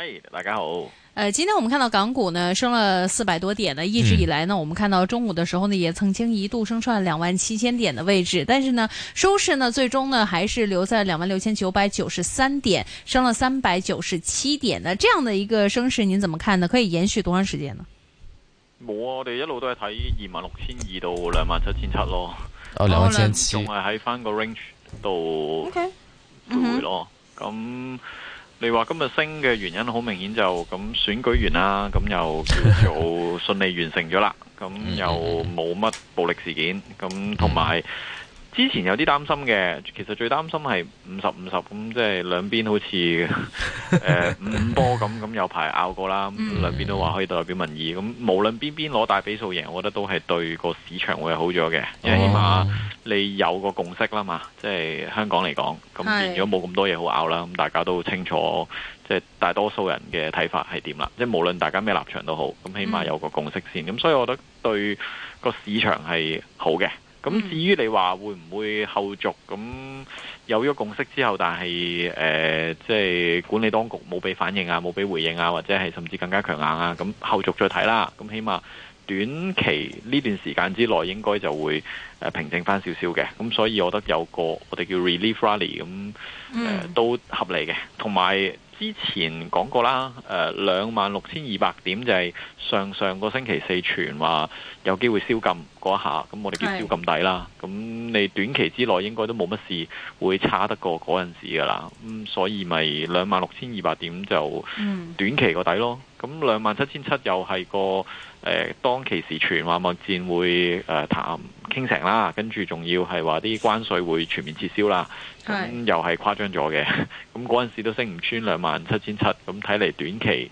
Hey, 大家好，誒、呃，今天我們看到港股呢升了四百多點呢，一直以來呢，嗯、我們看到中午的時候呢，也曾經一度升穿兩萬七千點的位置，但是呢，收市呢，最終呢，還是留在兩萬六千九百九十三點，升了三百九十七點，那這樣的一個升勢，您怎麼看呢？可以延續多長時間呢？冇啊，我哋一路都係睇二萬六千二到，哦、 兩萬七千七 Okay 回回咯，有兩萬七千七仲係喺翻個 range 度，OK，嗯哼，咁。你話今日升嘅原因好明顯，就咁選舉完啦，咁又叫做順利完成咗啦，咁又冇乜暴力事件，咁同埋，之前有啲擔心嘅，其實最擔心係五十五十咁，即係兩邊好似誒、 呃、五波咁咁有排拗過啦。兩邊 都話可以代表民意，咁無論邊邊攞大比數贏，我覺得都係對個市場會好咗嘅，因為起碼你有個共識啦嘛。Oh. 即係香港嚟講，咁變咗冇咁多嘢好拗啦。咁大家都清楚，即係大多數人嘅睇法係點啦。即係無論大家咩立場都好，咁起碼有個共識先。咁所以我覺得對個市場係好嘅。咁至於你話會唔會後續咁有咗共識之後，但係誒即係管理當局冇俾反應啊，冇俾回應啊，或者係甚至更加強硬啊，咁後續再睇啦。咁起碼短期呢段時間之內應該就會、呃、平靜翻少少嘅。咁所以我覺得有個我哋叫 Relief Rally 咁、呃嗯、都合理嘅。同埋之前講過啦，誒兩萬六千二百點就係上上個星期四傳話。有機會消禁嗰下，咁我哋叫消禁底啦。咁是你短期之內應該都冇乜事，會差得過嗰陣時噶啦。咁所以咪兩萬六千二百點就短期個底、嗯、27，個底咯。咁兩萬七千七又係個誒當其時傳話貿戰會誒談傾、呃、成啦，跟住仲要係話啲關稅會全面撤銷啦。咁又係誇張咗嘅。咁嗰陣時都升唔穿兩萬七千七，咁睇嚟短期。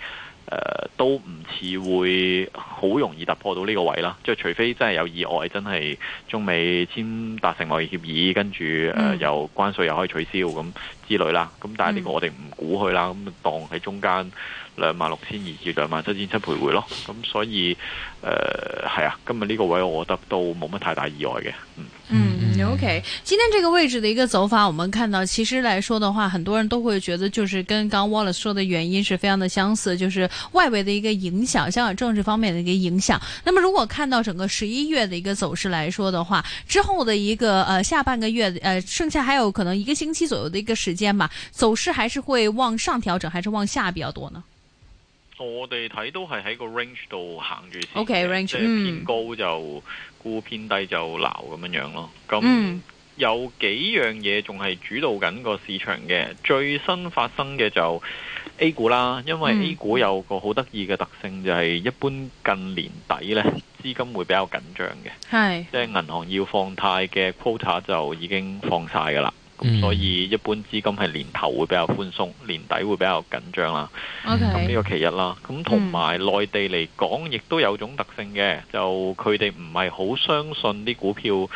呃、都唔似會好容易突破到呢個位啦，即係除非真係有意外，真係中美簽達成貿易協議，跟住誒、呃、又關稅又可以取消咁之類啦。咁但係呢個我哋唔估佢啦，咁當喺中間兩萬六千二至兩萬七千七徘徊咯。咁所以誒係、呃、啊，今日呢個位我覺得都冇乜太大意外嘅，嗯。嗯 OK，今天這個位置的一個走法，我們看到其實來說的話，很多人都會覺得就是跟剛 Wallace 說的原因是非常的相似，就是外圍的一個影響，香港政治方面的一個影響。那麼如果看到整個十一月的一個走勢來說的話，之後的一個呃下半個月的呃剩下還有可能一個星期左右的一個時間吧，走勢還是會往上調整，還是往下比較多呢？我哋睇都係喺個 range 度行住先，OK，range 嗯，偏高就，股偏低就鬧咁樣樣咯，咁、嗯、有幾樣嘢仲係主導緊個市場嘅。最新發生嘅就 A 股啦，因為 A 股有個好得意嘅特性、嗯、就係，一般近年底呢，資金會比較緊張嘅，是即係銀行要放貸嘅 quota 就已經放晒噶啦。所以一般資金係年頭會比較寬鬆，年底會比較緊張啦。咁呢 Okay. 個其一啦。咁同埋內地嚟講，亦都有種特性嘅，就佢哋唔係好相信啲股票。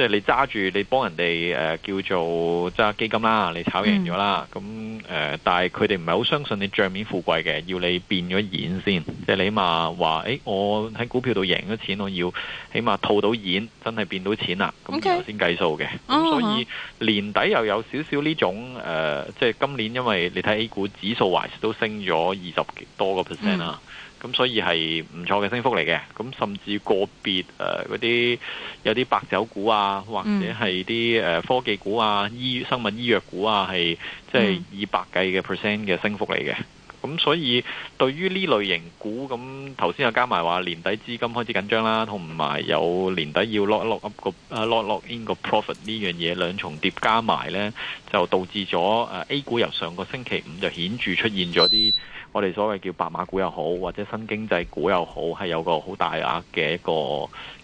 即係你揸住你幫人哋誒、呃、叫做揸基金啦，你炒贏咗啦，咁誒、嗯呃，但係佢哋唔係好相信你賬面富貴嘅，要你變咗現先，即係你起碼話誒，我喺股票度贏咗錢，我要起碼套到現，真係變到錢啦，咁先計數嘅。咁、uh huh. 所以年底又有少少呢種誒、呃，即係今年因為你睇 A 股指數還是都升咗二十多個 percent 啦。咁所以係唔錯嘅升幅嚟嘅，咁甚至個別誒嗰啲有啲白酒股啊，或者係啲誒科技股啊，醫、生物醫藥股啊，係即係二百計嘅 percent 嘅升幅嚟嘅。咁所以對於呢類型股，咁頭先又加埋話年底資金開始緊張啦，同埋有年底要 lock lock up 個誒 lock lock in 個 profit 呢樣嘢，兩重疊加埋呢，就導致咗、uh, A 股由上個星期五就顯著出現咗啲我哋所謂叫白馬股又好，或者新經濟股又好，係有個好大額嘅一個，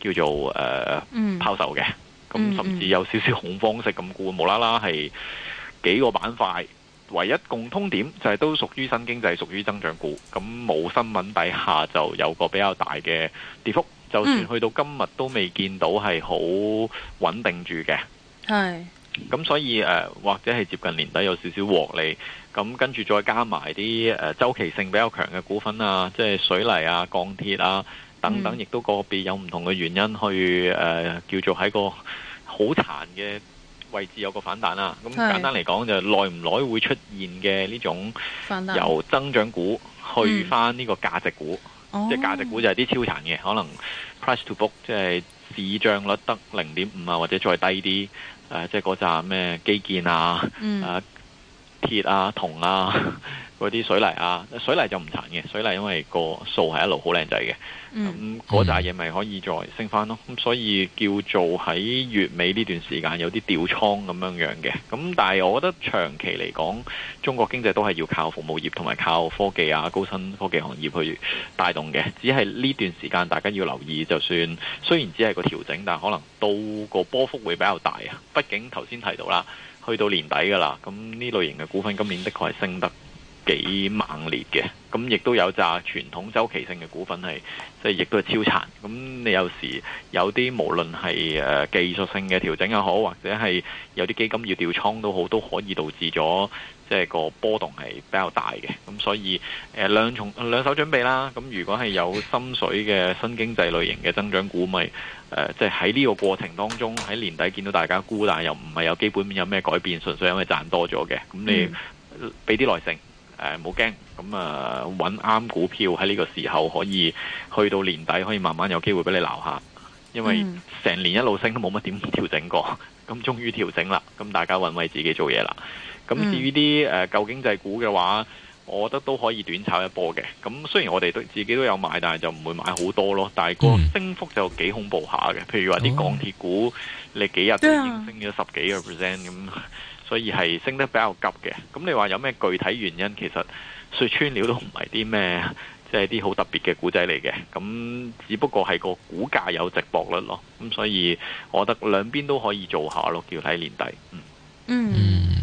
一個叫做誒拋、呃嗯、售嘅，咁甚至有少少恐慌式咁沽，無啦啦係幾個板塊。唯一共通點就係都屬於新經濟，屬於增長股。咁冇新聞底下就有個比較大嘅跌幅。就算去到今日都未見到係好穩定住嘅。係。咁所以誒，或者係接近年底有少少獲利。咁跟住再加埋啲誒週期性比較強嘅股份啊，即係水泥啊、鋼鐵啊等等，亦都個別有唔同嘅原因去誒叫做喺個好殘嘅位置有個反彈啦、啊，咁簡單嚟講就耐唔耐會出現嘅呢種由增長股去翻呢個價值股，嗯、即價值股就係啲超殘嘅，可能 price to book 即係市賬率得零點五啊，或者再低啲、呃，即係嗰扎咩基建啊，嗯鐵啊、銅啊、嗰啲水泥啊、水泥就唔殘嘅，水泥因為個數係一路好靚仔嘅，咁嗰扎嘢咪可以再升返咯。咁、嗯嗯、所以叫做喺月尾呢段時間有啲調倉咁樣樣嘅。咁但係我覺得長期嚟講，中國經濟都係要靠服務業同埋靠科技啊、高新科技行業去帶動嘅。只係呢段時間大家要留意，就算雖然只係個調整，但係可能到個波幅會比較大啊。畢竟頭先提到啦。去到年底㗎啦，咁呢類型嘅股份今年的確係升得幾猛烈嘅，咁亦都有紮傳統周期性嘅股份係，即係亦都係超殘。咁你有時有啲無論係誒技術性嘅調整又好，或者係有啲基金要調倉都好，都可以導致咗即係個波動係比較大嘅。咁所以誒兩重兩手準備啦。咁如果係有心水嘅新經濟類型嘅增長股，咪誒即係喺呢個過程當中，喺年底見到大家沽，但係又唔係有基本面有咩改變，純粹因為賺多咗嘅。咁你俾啲耐性。誒，冇驚、呃，咁啊，搵、嗯、啱股票喺呢個時候可以去到年底，可以慢慢有機會俾你撈下。因為成年一路升都冇乜點調整過，咁終於調整啦，咁大家搵位自己做嘢啦。咁、嗯嗯、至於啲誒舊經濟股嘅話，我覺得都可以短炒一波嘅。咁、嗯、雖然我哋都自己都有買，但係就唔會買好多咯。但係個升幅就幾恐怖下嘅。譬如話啲鋼鐵股，哦、你幾日都已經升咗十幾個 percent 咁。嗯嗯嗯所以係升得比較急嘅，咁你話有咩具體原因？其實説穿了都唔係啲咩，即係啲好特別嘅股仔嚟嘅。咁只不過係個股價有值博率咯。咁所以我覺得兩邊都可以做下咯，叫睇年底。嗯。嗯。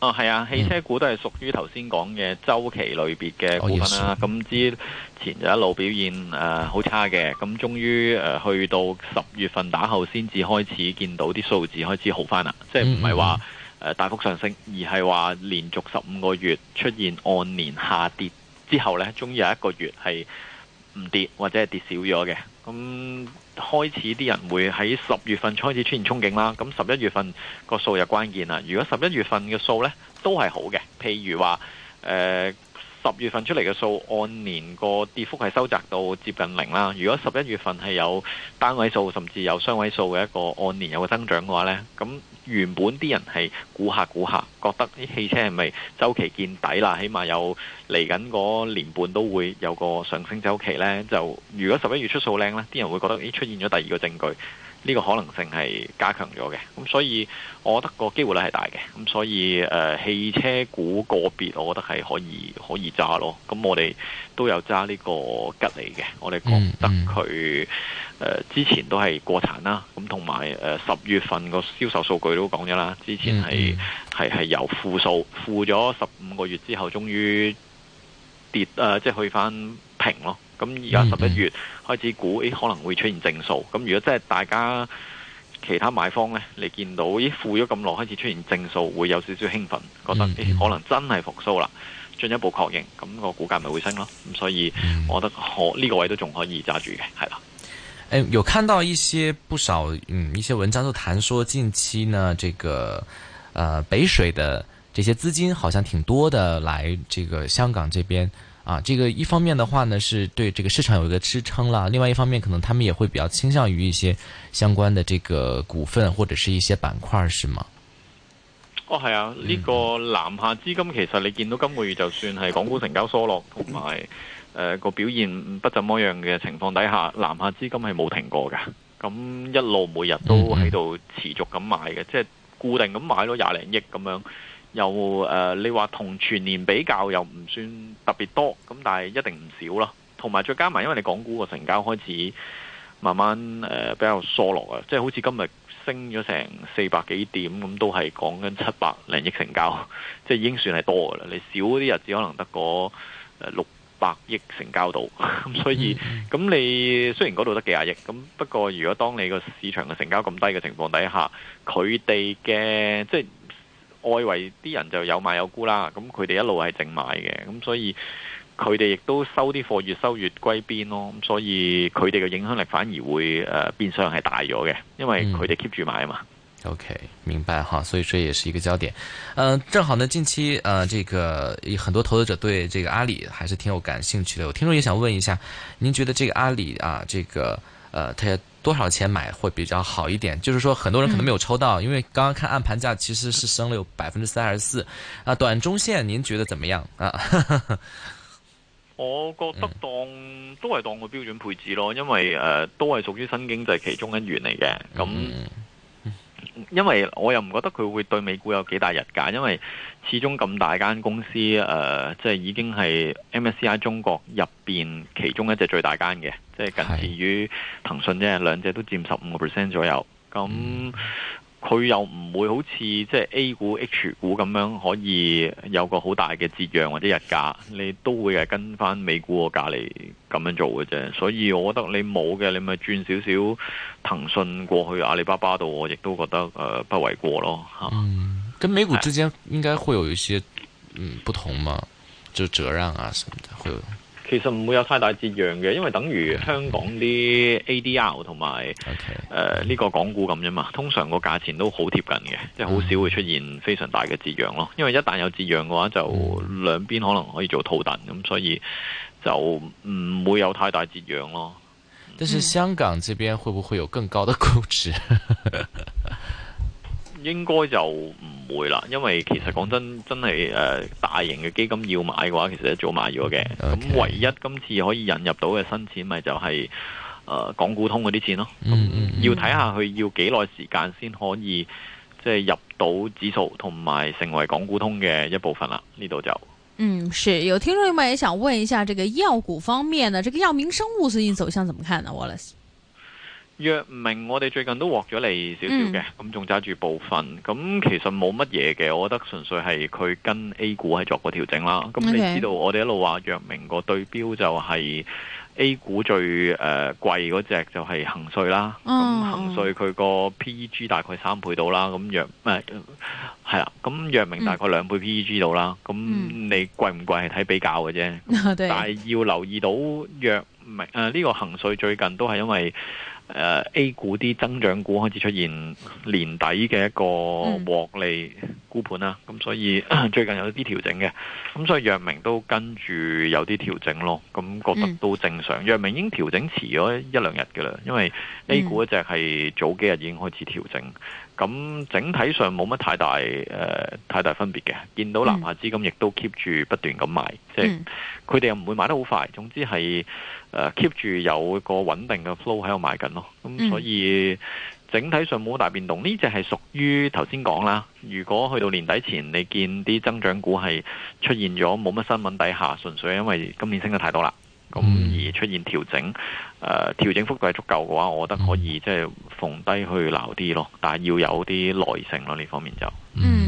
哦，係啊，汽車股都係屬於頭先講嘅週期類別嘅股份啦。咁之前就一路表現誒好、呃、差嘅，咁終於誒、呃、去到十月份打後，先至開始見到啲數字開始好翻啦。即係唔係話大幅上升，而係話連續十五個月出現按年下跌之後呢，終於有一個月係唔跌或者係跌少咗嘅。咁開始啲人會喺十月份開始出現憧憬啦，咁十一月份個數就關鍵啦。如果十一月份嘅數呢都係好嘅，譬如話誒、呃十月份出嚟嘅數按年個跌幅係收窄到接近零啦。如果十一月份係有單位數甚至有雙位數嘅一個按年有個增長嘅話呢咁原本啲人係估下估下，覺得啲汽車係咪週期見底啦？起碼有嚟緊嗰年半都會有個上升週期呢。就如果十一月出數靚呢，啲人會覺得咦，出現咗第二個證據。呢個可能性係加強咗嘅，咁所以我覺得個機會率係大嘅，咁所以誒、呃、汽車股個別，我覺得係可以可以揸咯。咁我哋都有揸呢個吉利嘅，我哋覺得佢誒、嗯呃、之前都係過產啦，咁同埋誒十月份個銷售數據都講咗啦，之前係係係由負數負咗十五個月之後終於，終於跌誒，即係去翻平咯。咁而家十一月開始估，誒、嗯嗯、可能會出現正數。咁如果真係大家其他買方呢，你見到誒負咗咁耐，開始出現正數，會有少少興奮，覺得、嗯嗯、可能真係復甦啦，進一步確認，咁、那個股價咪會升咯。咁所以，我覺得可呢、嗯、個位都仲可以揸住嘅，係啦。誒、呃，有看到一些不少嗯一些文章，都談說近期呢，這個、呃、北水的這些資金好像挺多的，來這個香港這邊。啊，這個一方面的話呢，是對這個市場有一個支撐啦。另外一方面，可能他們也會比較傾向於一些相關的這個股份或者是一些板塊，是嗎？哦，係啊，呢、嗯、個南下資金其實你見到今個月就算係港股成交疏落同埋個表現不怎麼樣嘅情況底下，南下資金係冇停過㗎，咁一路每日都喺度持續咁買嘅，即係、嗯、固定咁買咗廿零億咁樣。又誒、呃，你話同全年比較又唔算特別多，咁但係一定唔少咯。同埋再加埋，因為你港股個成交開始慢慢、呃、比較疏落啊，即係好似今日升咗成四百幾點，咁都係講緊七百零億成交，即係已經算係多噶啦。你少嗰啲日子可能得個六百億成交到，咁所以咁你雖然嗰度得幾廿億，咁不過如果當你個市場嘅成交咁低嘅情況底下，佢哋嘅即係。外圍啲人就有買有沽啦，咁佢哋一路係淨買嘅，咁所以佢哋亦都收啲貨越收越歸邊咯，咁所以佢哋嘅影響力反而會誒、呃、變相係大咗嘅，因為佢哋 keep 住買啊嘛、嗯。OK，明白哈，所以這也是一個焦點。嗯、呃，正好呢近期，誒、呃，這個很多投資者對這個阿里還是挺有感興趣的。我聽眾也想問一下，您覺得這個阿里啊，這個誒，佢、呃？多少錢買會比較好一點？就是說，很多人可能沒有抽到，嗯、因為剛剛看按盤價其實是升了有百分之三十四，啊，短中線您覺得怎麼樣啊？我覺得當、嗯、都係當個標準配置咯，因為誒、呃、都係屬於新經濟其中一員嚟嘅，咁。嗯因為我又唔覺得佢會對美股有幾大日價，因為始終咁大間公司誒、呃，即係已經係 MSCI 中國入邊其中一隻最大間嘅，即係僅次於騰訊啫，兩隻都佔十五個 percent 左右，咁、嗯。佢又唔會好似即係 A 股、H 股咁樣，可以有個好大嘅折讓或者日價，你都會係跟翻美股個價嚟咁樣做嘅啫。所以我覺得你冇嘅，你咪轉少少騰訊過去阿里巴巴度，我亦都覺得誒不為過咯。嗯，跟美股之間應該會有一些嗯不同嘛，就折讓啊什麼的會有。其實唔會有太大折讓嘅，因為等於香港啲 ADR 同埋誒呢個港股咁啫嘛。通常個價錢都好貼近嘅，即係好少會出現非常大嘅折讓咯。因為一旦有折讓嘅話，就兩邊可能可以做套戥，咁、mm. 嗯、所以就唔會有太大折讓咯。但是香港這邊會不會有更高的估值？ 應該就唔會啦，因為其實講真，真係誒、呃，大型嘅基金要買嘅話，其實一早買咗嘅。咁 Okay. 唯一今次可以引入到嘅新錢咪就係、是、誒、呃、港股通嗰啲錢咯。Mm hmm. 要睇下佢要幾耐時間先可以即係、呃、入到指數，同埋成為港股通嘅一部分啦。呢度就嗯，是，有聽眾朋友也想問一下，這個醫藥股方面呢，這個藥明生物最近走向怎麼看呢 Wallace 藥明，我哋最近都獲咗嚟，少少嘅，咁仲揸住部分。咁其實冇乜嘢嘅，我覺得純粹係佢跟 A 股係作個調整啦。咁你知道我哋一路話藥明個對標就係 A 股最誒貴嗰隻就係恒瑞啦。咁恒瑞佢個 P E G 大概三倍到啦。咁藥誒係啦，咁藥明大概兩倍 P E G 到啦。咁你貴唔貴係睇比較嘅啫，但係要留意到藥明誒呢個恒瑞最近都係因為。誒、uh, A 股啲增長股開始出現年底嘅一個獲利。嗯沽盤啦、啊，咁所以最近有啲調整嘅，咁所以藥明都跟住有啲調整咯，咁覺得都正常。藥明、嗯、已經調整遲咗一兩日嘅啦，因為 A 股一隻係早幾日已經開始調整，咁、嗯、整體上冇乜太大、呃、太大分別嘅。見到南下資金亦都 keep 住不斷咁買，即係佢哋又唔會買得好快。總之係 keep 住有個穩定嘅 flow 喺度買緊咯，咁所以。嗯整體上冇大變動，呢只係屬於頭先講啦。如果去到年底前，你見啲增長股係出現咗冇乜新聞底下，純粹因為今年升得太多啦，咁、嗯、而出現調整。呃、調整幅度係足夠嘅話，我覺得可以即係逢低去撈啲咯，但係要有啲耐性咯，呢方面就。嗯。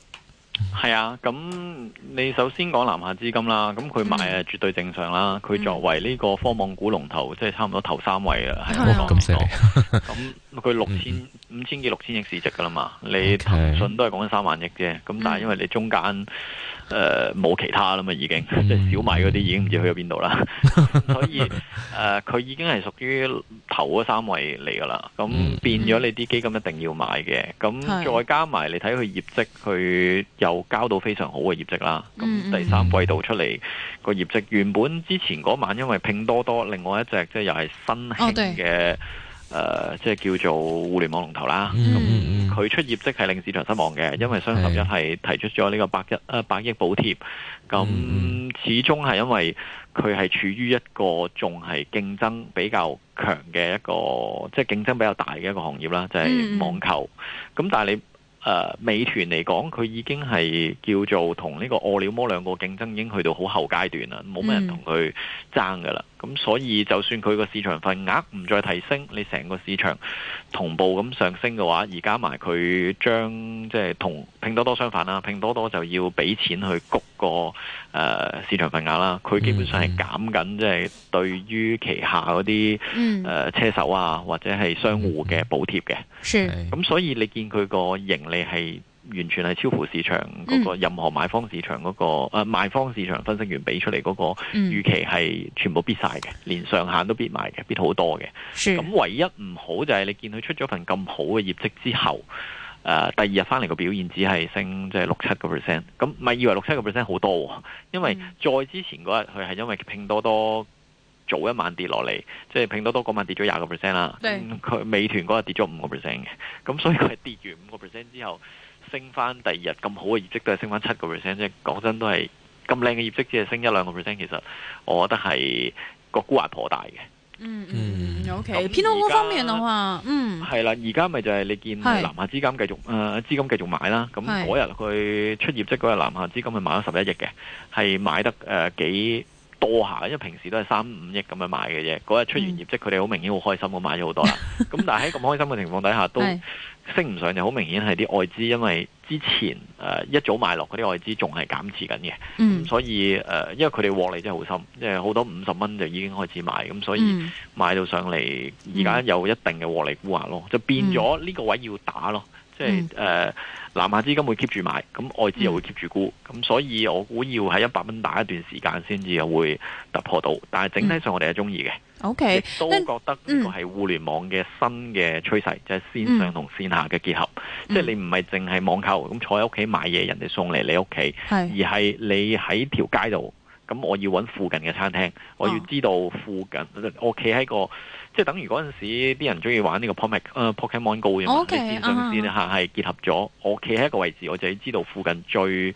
係啊，咁你首先講南下資金啦，咁佢買係絕對正常啦。佢、嗯、作為呢個科網股龍頭，即、就、係、是、差唔多頭三位啦，係冇講錯。咁佢六千、嗯、五千幾六千億市值噶啦嘛，你騰訊都係講緊三萬億啫，咁、嗯、但係因為你中間。誒、冇、呃、其他啦嘛，已經即係、嗯、小米嗰啲已經唔知去咗邊度啦， 所以誒，佢、呃、已經係屬於頭嗰三位嚟噶啦，咁變咗你啲基金一定要買嘅，咁再加埋你睇佢業績，佢又交到非常好嘅業績啦，咁第三季度出嚟個業績，原本之前嗰晚因為拼多多另外一隻即係又係新興嘅。誒、呃，即係叫做互聯網龍頭啦。咁佢、嗯、出業績係令市場失望嘅，嗯、因為雙十一係提出咗呢個百一、誒、呃、百億補貼。咁、嗯、始終係因為佢係處於一個仲係競爭比較強嘅一個，即、就、係、是、競爭比較大嘅一個行業啦，就係、是、網購咁、嗯、但係你誒、呃，美團嚟講，佢已經係叫做同呢個餓了麼兩個競爭已經去到好後階段啦，冇乜人同佢爭㗎啦。嗯咁所以就算佢個市場份額唔再提升，你成個市場同步咁上升嘅話，而加埋佢將即係同拼多多相反啦，拼多多就要俾錢去谷個誒、呃、市場份額啦。佢基本上係減緊即係對於旗下嗰啲嗯誒車手啊或者係商戶嘅補貼嘅。係咁、嗯、所以你見佢個盈利係。完全係超乎市場嗰個任何買方市場嗰個，誒、嗯啊、賣方市場分析員俾出嚟嗰個預期係全部必晒嘅，嗯、連上限都必埋嘅，必好多嘅。咁是唯一唔好就係你見佢出咗份咁好嘅業績之後，誒、呃、第二日翻嚟個表現只係升即係六七個 percent。咁咪以為六七個 percent 好多，因為再之前嗰日佢係因為拼多多早一晚跌落嚟，即、就、係、是、拼多多嗰晚跌咗廿個 percent 啦。佢對、嗯、美團嗰日跌咗五個 percent 嘅，咁所以佢係跌完五個 percent 之後。升翻第二日咁好嘅業績都係升翻七個 percent，即係講真都係咁靚嘅業績，只係升一兩個 percent，其實我覺得係個估價頗大嘅。嗯嗯，OK，偏好嗰方面啊嘛，嗯係啦，而家咪就係你見南下資金繼續誒資金繼續買啦，咁嗰日佢出業績嗰日南下資金係買咗十一億嘅，係買得誒幾。多下，因為平時都係三五億咁樣買嘅啫。嗰日出完業績，佢哋好明顯好開心，我買咗好多啦。咁 但係喺咁開心嘅情況底下，都升唔上，是就好明顯係啲外資，因為之前誒、呃、一早買落嗰啲外資仲係減持緊嘅。嗯、所以誒、呃，因為佢哋獲利真係好深，因為好多五十蚊就已經開始買，咁所以買到上嚟而家有一定嘅獲利沽壓咯，就變咗呢個位置要打咯，即係誒。嗯呃南下資金會 keep 住買，咁外資又會 keep 住沽，咁、嗯、所以我估要喺一百蚊打一段時間先至會突破到，但係整體上我哋係中意嘅。嗯、o、okay, K，都覺得呢個係互聯網嘅新嘅趨勢，嗯、就係線上同線下嘅結合，嗯、即係你唔係淨係網購，咁坐喺屋企買嘢，人哋送嚟你屋企，是而係你喺條街度，咁我要揾附近嘅餐廳，哦、我要知道附近，我企喺個。即係等於嗰陣時 Go, okay,、uh，啲人中意玩呢個 Pokémon Go 嘅嘛，即係線上線下係結合咗。我企喺一個位置，我就要知道附近最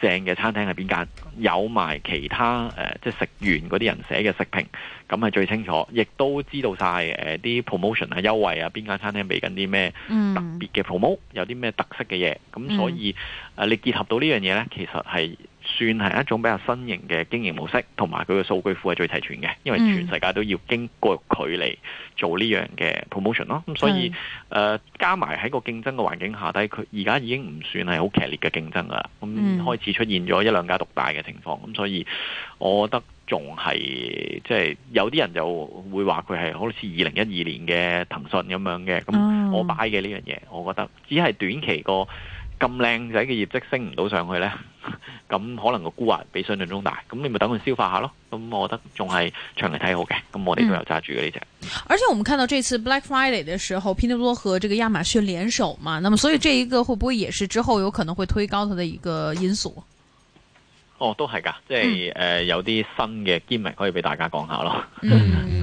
正嘅餐廳係邊間？有埋其他、呃、即係食完嗰啲人寫嘅食評，咁係最清楚，亦都知道曬啲、呃、promotion 係、啊、優惠啊，邊間餐廳俾緊啲咩特別嘅 promote、嗯、有啲咩特色嘅嘢。咁所以、呃、你結合到呢樣嘢呢，其實係、嗯、算係一種比較新型嘅經營模式，同埋佢嘅數據庫係最齊全嘅，因為全世界都要經過佢嚟做呢樣嘅 promotion 咯、嗯。咁、嗯、所以是、呃、加埋喺個競爭嘅環境下低佢而家已經唔算係好劇烈嘅競爭啦。咁、嗯嗯、開始。出現咗一兩家獨大嘅情況，咁所以我覺得仲係即係有啲人就會話佢係好似二零一二年嘅騰訊咁樣嘅，咁我擺嘅呢樣嘢，我覺得只係短期個。咁靚仔嘅業績升唔到上去呢？咁 可能個沽壓比想像中大，咁你咪等佢消化下咯。咁我覺得仲係長期睇好嘅，咁我哋都有揸住嗰隻。嗯、而且我們看到這次 Black Friday 嘅時候，拼多多和這個亞馬遜聯手嘛，那麼所以這一個會不會也是之後有可能會推高它的一個因素？嗯、哦，都係噶，即係、呃、有啲新嘅 game 可以俾大家講下咯。嗯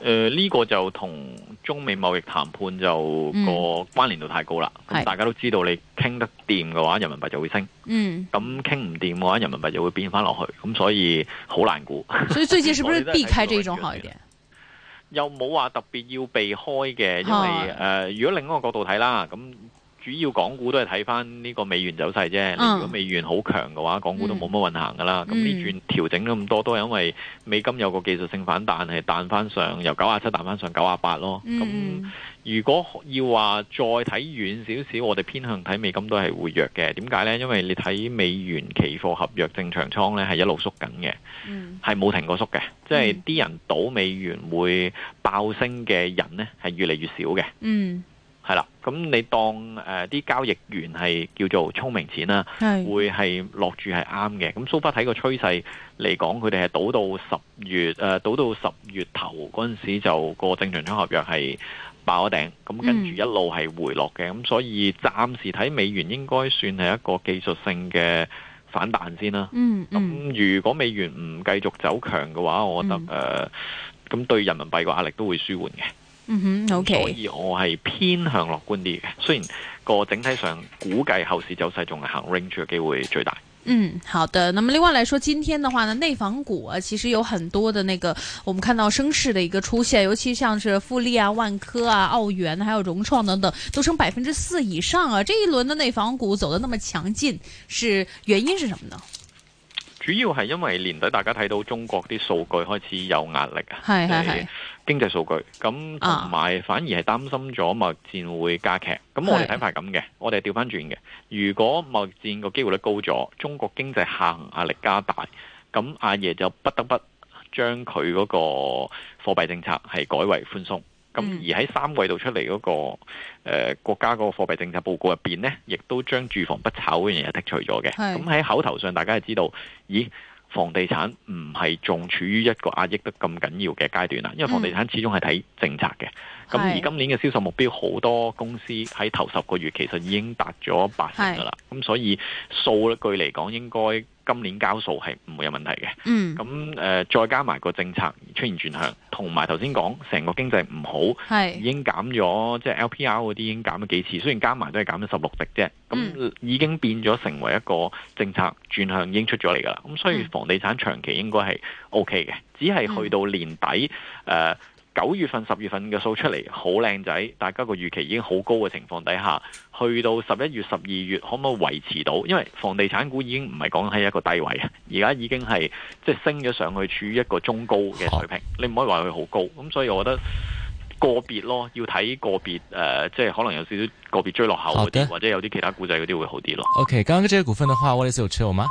誒，呢、呃這個就同中美貿易談判就個關聯度太高啦。嗯、大家都知道，你傾得掂嘅話，人民幣就會升；咁傾唔掂嘅話，人民幣就會變翻落去。咁所以好難估。所以最近是不是避開這種好一點？ 又冇話特別要避開嘅，因為誒、呃，如果另一個角度睇啦，咁。主要港股都係睇翻呢個美元走勢啫。你、哦、如果美元好強嘅話，港股都冇乜運行㗎喇。咁你轉調整咗咁多，都係因為美金有個技術性反彈，係彈翻上，由九十七彈翻上九十八咯。咁、嗯、如果要話再睇遠少少，我哋偏向睇美金都係回弱嘅。點解呢？因為你睇美元期貨合約正常倉呢，係一路縮緊嘅，係冇、嗯、停過縮嘅。即係啲人賭美元會爆升嘅人呢，係越嚟越少嘅。嗯係啦，咁你當誒啲、呃、交易員係叫做聰明錢啦，是會係落住係啱嘅。咁 so far 睇個趨勢嚟講，佢哋係賭到十月誒，賭、呃、到十月頭嗰陣時就個正常倉合約係爆咗頂，咁跟住一路係回落嘅。咁、嗯、所以暫時睇美元應該算係一個技術性嘅反彈先啦。咁、嗯嗯、如果美元唔繼續走強嘅話，我覺得誒，咁、嗯呃、對人民幣個壓力都會舒緩嘅。嗯哼、mm hmm，OK，所以我係偏向樂觀啲嘅。雖然個整體上估計後市走勢仲係行 range 嘅機會最大。嗯，好的。那麼另外來說，今天的話呢，內房股、啊、其實有很多的那個，我們看到升勢的一個出現，尤其像是富力啊、萬科啊、澳元，還有融創等等，都升百分之四以上啊。這一輪的內房股走得那麼強勁，是原因是什麼呢？主要係因為年底大家睇到中國啲數據開始有壓力啊。係系係。經濟數據咁同埋，反而係擔心咗貿易戰會加劇。咁、啊、我哋睇法係咁嘅，是我哋調翻轉嘅。如果貿易戰個機會率高咗，中國經濟下行壓力加大，咁阿爺就不得不將佢嗰個貨幣政策係改為寬鬆。咁而喺三季度出嚟嗰、那個誒、嗯呃、國家嗰個貨幣政策報告入邊呢，亦都將住房不炒呢樣嘢剔除咗嘅。咁喺是口頭上，大家係知道，咦？房地產唔係仲處於一個壓抑得咁緊要嘅階段啦，因為房地產始終係睇政策嘅。咁、嗯、而今年嘅銷售目標好多公司喺頭十個月其實已經達咗八成㗎啦，咁是所以數據嚟講應該今年交數係唔會有問題嘅。嗯，咁、呃、再加埋個政策。出現轉向，同埋頭先講成個經濟唔好，是已經減咗，即係 LPR 嗰啲已經減咗幾次。雖然加埋都係減咗十六滴啫，咁、嗯嗯、已經變咗成為一個政策轉向已經出咗嚟噶啦。咁所以房地產長期應該係 OK 嘅，只係去到年底、嗯呃九月份、十月份嘅數出嚟好靚仔，大家個預期已經好高嘅情況底下，去到十一月、十二月可唔可以維持到？因為房地產股已經唔係講喺一個低位啊，而家已經係即係升咗上去，處於一個中高嘅水平。好你唔可以話佢好高，咁所以我覺得個別咯，要睇個別誒、呃，即係可能有少少個別追落後嗰啲，的或者有啲其他股仔嗰啲會好啲咯。OK，剛剛呢個股份的話，我哋有持有嗎？